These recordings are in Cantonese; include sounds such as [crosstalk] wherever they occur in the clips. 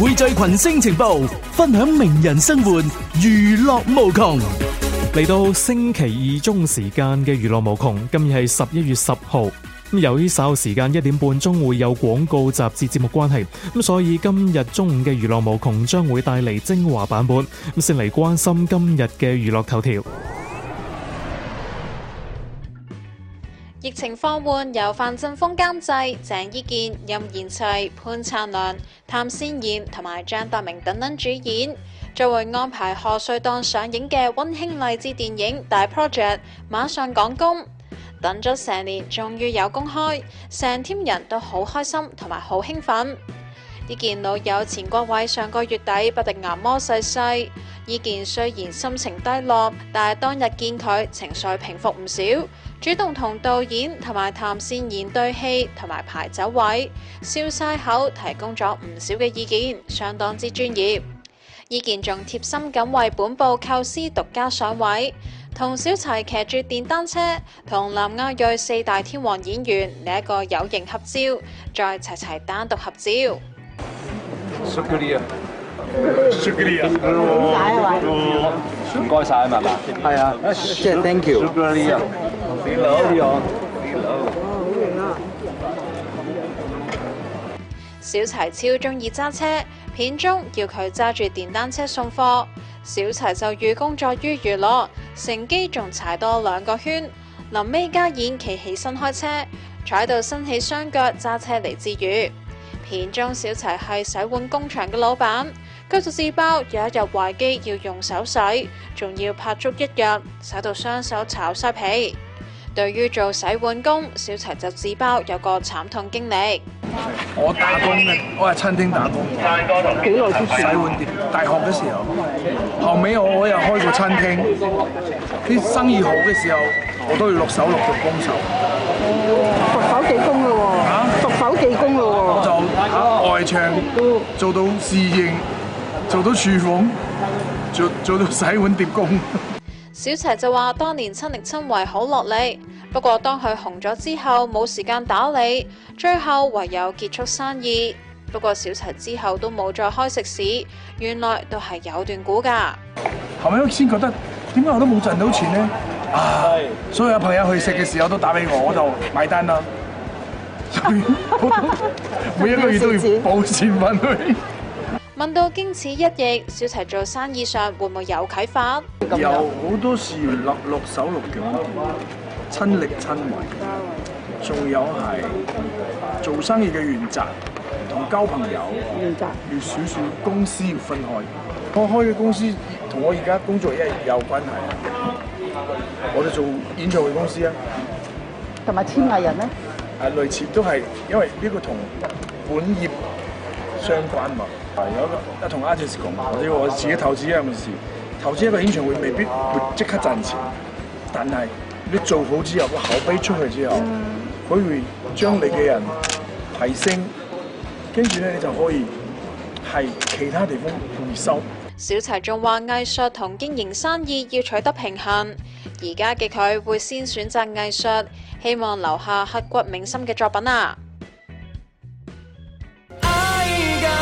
匯聚群星情報，分享名人生活，娛樂疫情放緩，由范振鋒監製，鄭伊健、任賢齊、潘燦良、譚善言同埋張達明等等主演，作為安排賀歲檔上映嘅溫馨勵志電影《大 project》馬上趕工，等咗成年，終於有公開，成 team 人都好開心同埋好興奮。伊健老友錢國偉上個月底不敵癌魔逝世，伊健雖然心情低落，但係當日見佢情緒平復唔少。主動同導演同埋譚善言對戲同埋排走位，笑晒口，提供咗唔少嘅意見，相當之專業。意見仲貼心咁為本部構思獨家上位，同小齊騎住電單車同林亞瑞四大天王演員嚟一個有型合照，再齊齊單獨合照。唔該晒，嗯 [laughs] [laughs] 嗯嗯嗯嗯啊、小柴超中意揸車，片中要佢揸住電單車送貨。小柴就寓工作於娛樂，乘機仲踩多兩個圈。臨尾加演，企起身開車，踩到伸起雙腳揸車嚟自娛。片中小柴係洗碗工場嘅老闆，佢就自爆，有一日壞機要用手洗，仲要拍足一日，洗到雙手炒晒皮。對於做洗碗工，小齊就自爆有個慘痛經歷。小齊就話當年親力親為好落力，不過當佢紅咗之後冇時間打理，最後唯有結束生意。不過小齊之後都冇再開食肆，原來都係有段估噶。後尾我先覺得點解我都冇賺到錢呢？唉、啊，所有朋友去食嘅時候都打俾我，我就買單啦。 [laughs] 每一個月都要補錢返去。 [laughs] 問到經此一役，小齊做生意上會唔會有啟發？有好多事要落落手落腳，親力親為。仲有係做生意嘅原則同交朋友原則，要少少公司要分開。我開嘅公司同我而家工作一樣有關係。我哋做演唱會公司啊，同埋簽藝人咧，啊，類似都係因為呢個同本業。相關嘛，有個一同 artist 講，或者我自己投資一樣事。投資一個演唱會未必會即刻賺錢，但係你做好之後個口碑出去之後，佢、嗯、會將你嘅人提升，跟住咧你就可以係其他地方回收。小齊仲話藝術同經營生意要取得平衡，而家嘅佢會先選擇藝術，希望留下刻骨銘心嘅作品啊！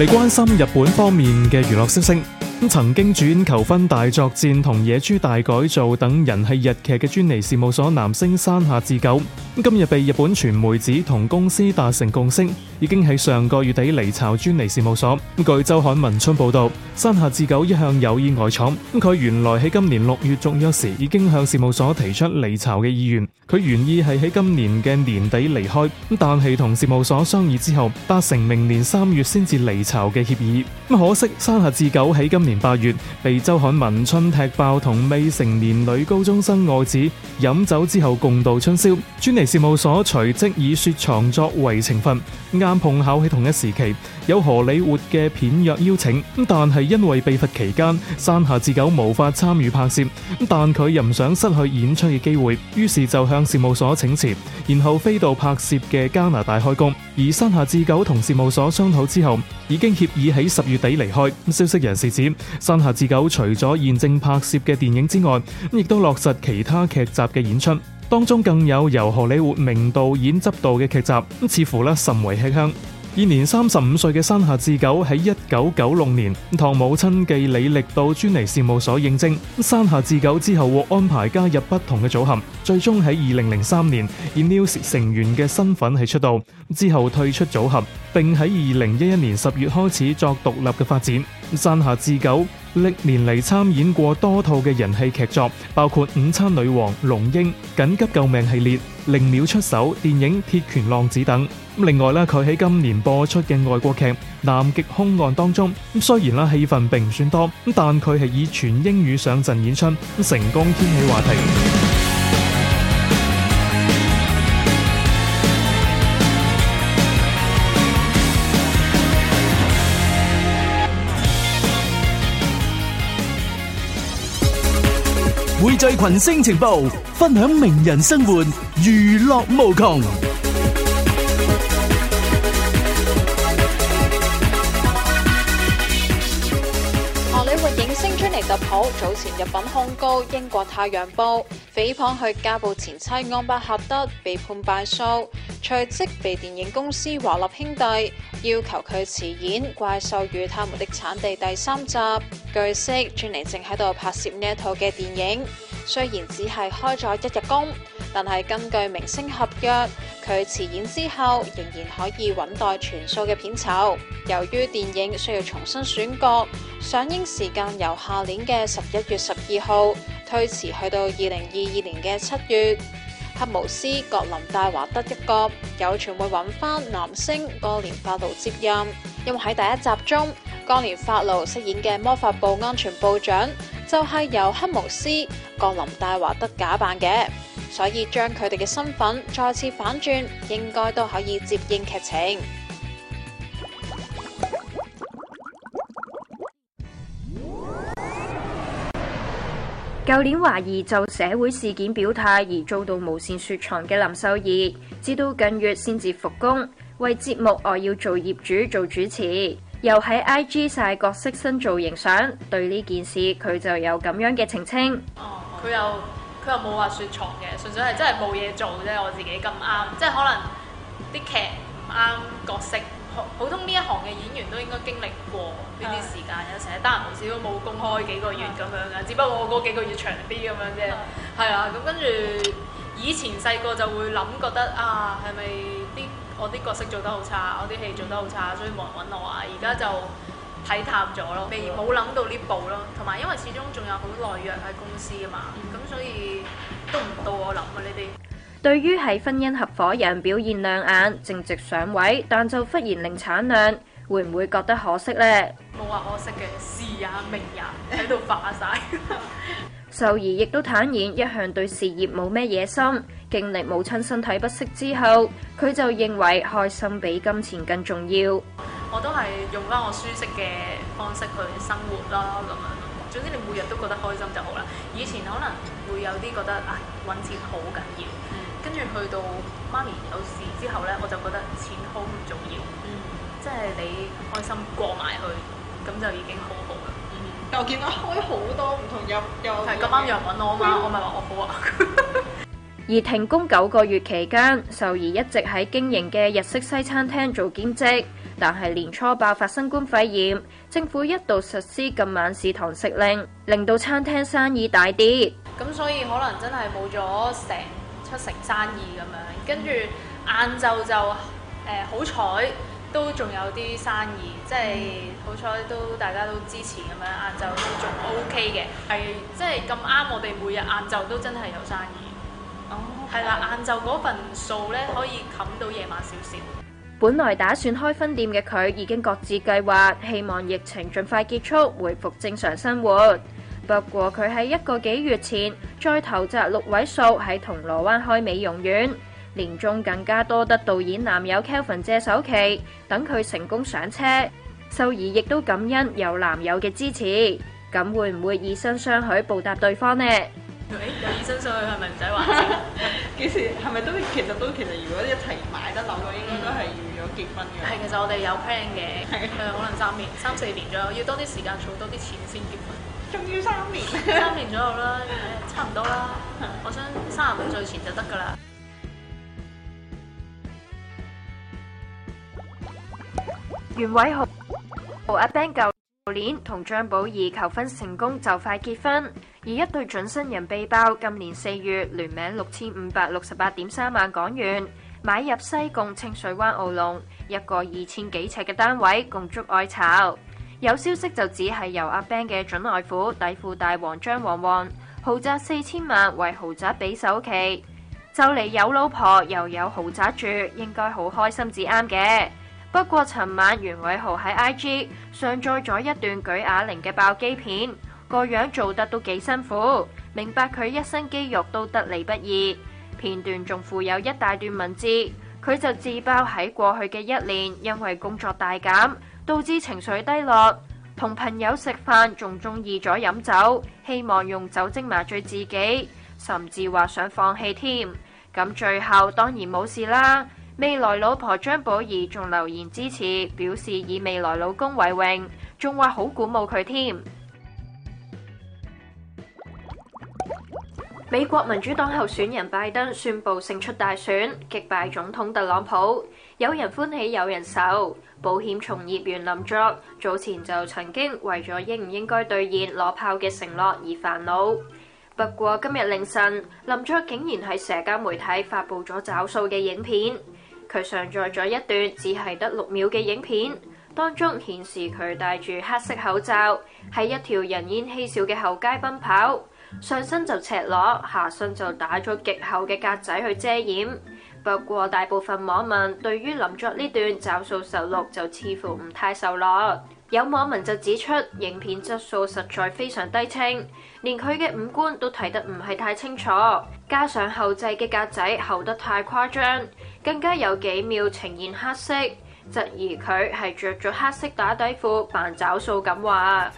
嚟關心日本方面嘅娛樂消息。曾經主演《求婚大作戰》同《野豬大改造》等人氣日劇嘅專利事務所男星山下智久，今日被日本傳媒指同公司達成共識，已經喺上個月底離巢專利事務所。據周刊文春報道，山下智久一向有意外闖，佢原來喺今年六月續約時已經向事務所提出離巢嘅意願，佢原意係喺今年嘅年底離開，但係同事務所商議之後，達成明年三月先至離巢嘅協議。可惜山下智久喺今年年八月，被周刊文春踢爆同未成年女高中生外子，飲酒之後共度春宵。專尼事務所隨即以雪藏作為懲罰。啱，碰巧喺同一時期，有荷里活嘅片約邀請，但係因為被罰期間，山下智久無法參與拍攝，但佢又唔想失去演出嘅機會，於是就向事務所請辭，然後飛到拍攝嘅加拿大開工。而山下智久同事務所商討之後，已經協議喺十月底離開。消息人士指。山下智久除咗現正拍攝嘅電影之外，亦都落實其他劇集嘅演出，當中更有由荷里活名導演執導嘅劇集，似乎呢甚為吃香。現年三十五歲嘅山下智久喺一九九六年，同母親寄履歷到專尼事務所應徵，山下智久之後獲安排加入不同嘅組合，最終喺二零零三年以 News 成員嘅身份喺出道，之後退出組合。並喺二零一一年十月開始作獨立嘅發展。山下智久歷年嚟參演過多套嘅人氣劇作，包括《午餐女王》、《龍英》、《緊急救命》系列、《零秒出手》電影、《鐵拳浪子》等。另外咧，佢喺今年播出嘅外國劇《南極兇案》當中，雖然啦戲份並唔算多，但佢係以全英語上陣演出，成功掀起話題。匯聚群星情報，分享名人生活，娛樂無窮。荷里活影星尊尼特普，早前入稟控告《英國太陽報》。誹謗佢家暴前妻安巴赫德被判敗訴，隨即被電影公司華納兄弟要求佢辭演《怪獸與他們的產地》第三集。據悉，尊尼正喺度拍攝呢一套嘅電影，雖然只係開咗一日工。.但係根據明星合約，佢辭演之後仍然可以穩待全數嘅片酬。由於電影需要重新選角，上映時間由下年嘅十一月十二號推遲去到二零二二年嘅七月。黑巫師葛林大華德一角有傳會揾翻男星哥連法路接任，因為喺第一集中哥連法路飾演嘅魔法部安全部長就係、是、由黑巫師葛林大華德假扮嘅。所以將佢哋嘅身份再次反轉，應該都可以接應劇情。舊年懷疑就社會事件表態而遭到無線雪藏嘅林秀怡，至到近月先至復工，為節目外要做業主做主持，又喺 IG 晒角色新造型相，對呢件事佢就有咁樣嘅澄清。佢、哦、又……」又冇話雪藏嘅，純粹係真係冇嘢做啫。我自己咁啱、嗯，即係可能啲劇唔啱角色，普通呢一行嘅演員都應該經歷過呢啲時間。嗯、有成日單人無事都冇公開幾個月咁樣嘅、嗯，只不過我嗰幾個月長啲咁樣啫。係、嗯嗯、啊，咁跟住以前細個就會諗覺得啊，係咪啲我啲角色做得好差，我啲戲做得好差、嗯，所以冇人揾我啊？而家就～睇淡咗咯，未冇諗到呢步咯，同埋因為始終仲有好耐約喺公司啊嘛，咁所以都唔到我諗嘅呢啲。對於喺婚姻合伙人表現亮眼、正值上位，但就忽然零產量，會唔會覺得可惜呢？冇話可惜嘅，事也命也喺度化晒。 [laughs] [laughs] 秀兒亦都坦言，一向對事業冇咩野心，經歷母親身體不適之後，佢就認為開心比金錢更重要。我都係用翻我舒適嘅方式去生活啦。咁樣。總之你每日都覺得開心就好啦。以前可能會有啲覺得啊，揾錢好緊要。跟、嗯、住去到媽咪有事之後呢，我就覺得錢好唔重要。嗯、即係你開心過埋去，咁就已經好好啦、嗯。但我見到開好多唔同嘢，又係咁啱有人揾我啊嘛，嗯、我咪話我好啊。 [laughs] 而停工九個月期間，秀兒一直喺經營嘅日式西餐廳做兼職。但係年初爆發新冠肺炎，政府一度實施禁晚市堂食令，令到餐廳生意大跌。咁所以可能真係冇咗成七成生意咁樣。跟住晏晝就誒好彩都仲有啲生意，即係好彩都大家都支持咁樣。晏晝都仲 OK 嘅，係即係咁啱我哋每日晏晝都真係有生意。哦、oh, okay.，係啦，晏晝嗰份數咧可以冚到夜晚少少。本來打算開分店嘅佢，已經擱置計劃，希望疫情盡快結束，回復正常生活。不過佢喺一個幾月前再投集六位數喺銅鑼灣開美容院，年終更加多得導演男友 Kelvin 借首期，等佢成功上車。秀兒亦都感恩有男友嘅支持，咁會唔會以身相許報答對方呢？誒、欸，有醫生上去係咪唔使還？幾 [laughs] 時係咪都？其實都其實，其實如果一齊買得樓，應該都係要咗結婚嘅。係、嗯，其實我哋有 plan 嘅，可能三年、三四年左右，要多啲時間，儲多啲錢先結婚。仲要三年？三 [laughs] 年左右啦，差唔多啦。我想三十五歲前就得噶啦。袁偉豪同阿 Ben 舊年同張寶儀求婚成功，就快結婚。而一對準新人被爆，今年四月聯名六千五百六十八點三萬港元買入西貢清水灣傲龍一個二千幾尺嘅單位，共築愛巢。有消息就只係由阿 Ben 嘅準外父底褲大王張旺旺，豪宅四千萬為豪宅俾首期，就嚟有老婆又有豪宅住，應該好開心至啱嘅。不過尋晚袁偉豪喺 IG 上載咗一段舉啞鈴嘅爆肌片。個樣做得都幾辛苦，明白佢一身肌肉都得嚟，不易。片段仲附有一大段文字，佢就自爆喺過去嘅一年，因為工作大減，導致情緒低落，同朋友食飯仲中意咗飲酒，希望用酒精麻醉自己，甚至話想放棄添。咁最後當然冇事啦。未來老婆張寶儀仲留言支持，表示以未來老公為榮，仲話好鼓舞佢添。美國民主黨候選人拜登宣布勝出大選，擊敗總統特朗普。有人歡喜有人愁。保險從業員林作早前就曾經為咗應唔應該兌現攞炮嘅承諾而煩惱。不過今日凌晨，林作竟然喺社交媒體發布咗找數嘅影片。佢上載咗一段只係得六秒嘅影片，當中顯示佢戴住黑色口罩，喺一條人煙稀少嘅後街奔跑。上身就赤裸，下身就打咗極厚嘅格仔去遮掩。不過大部分網民對於林作呢段找數受落就似乎唔太受落。有網民就指出，影片質素實在非常低清，連佢嘅五官都睇得唔係太清楚。加上後製嘅格仔厚得太誇張，更加有幾秒呈現黑色，質疑佢係着咗黑色打底褲扮找數咁話。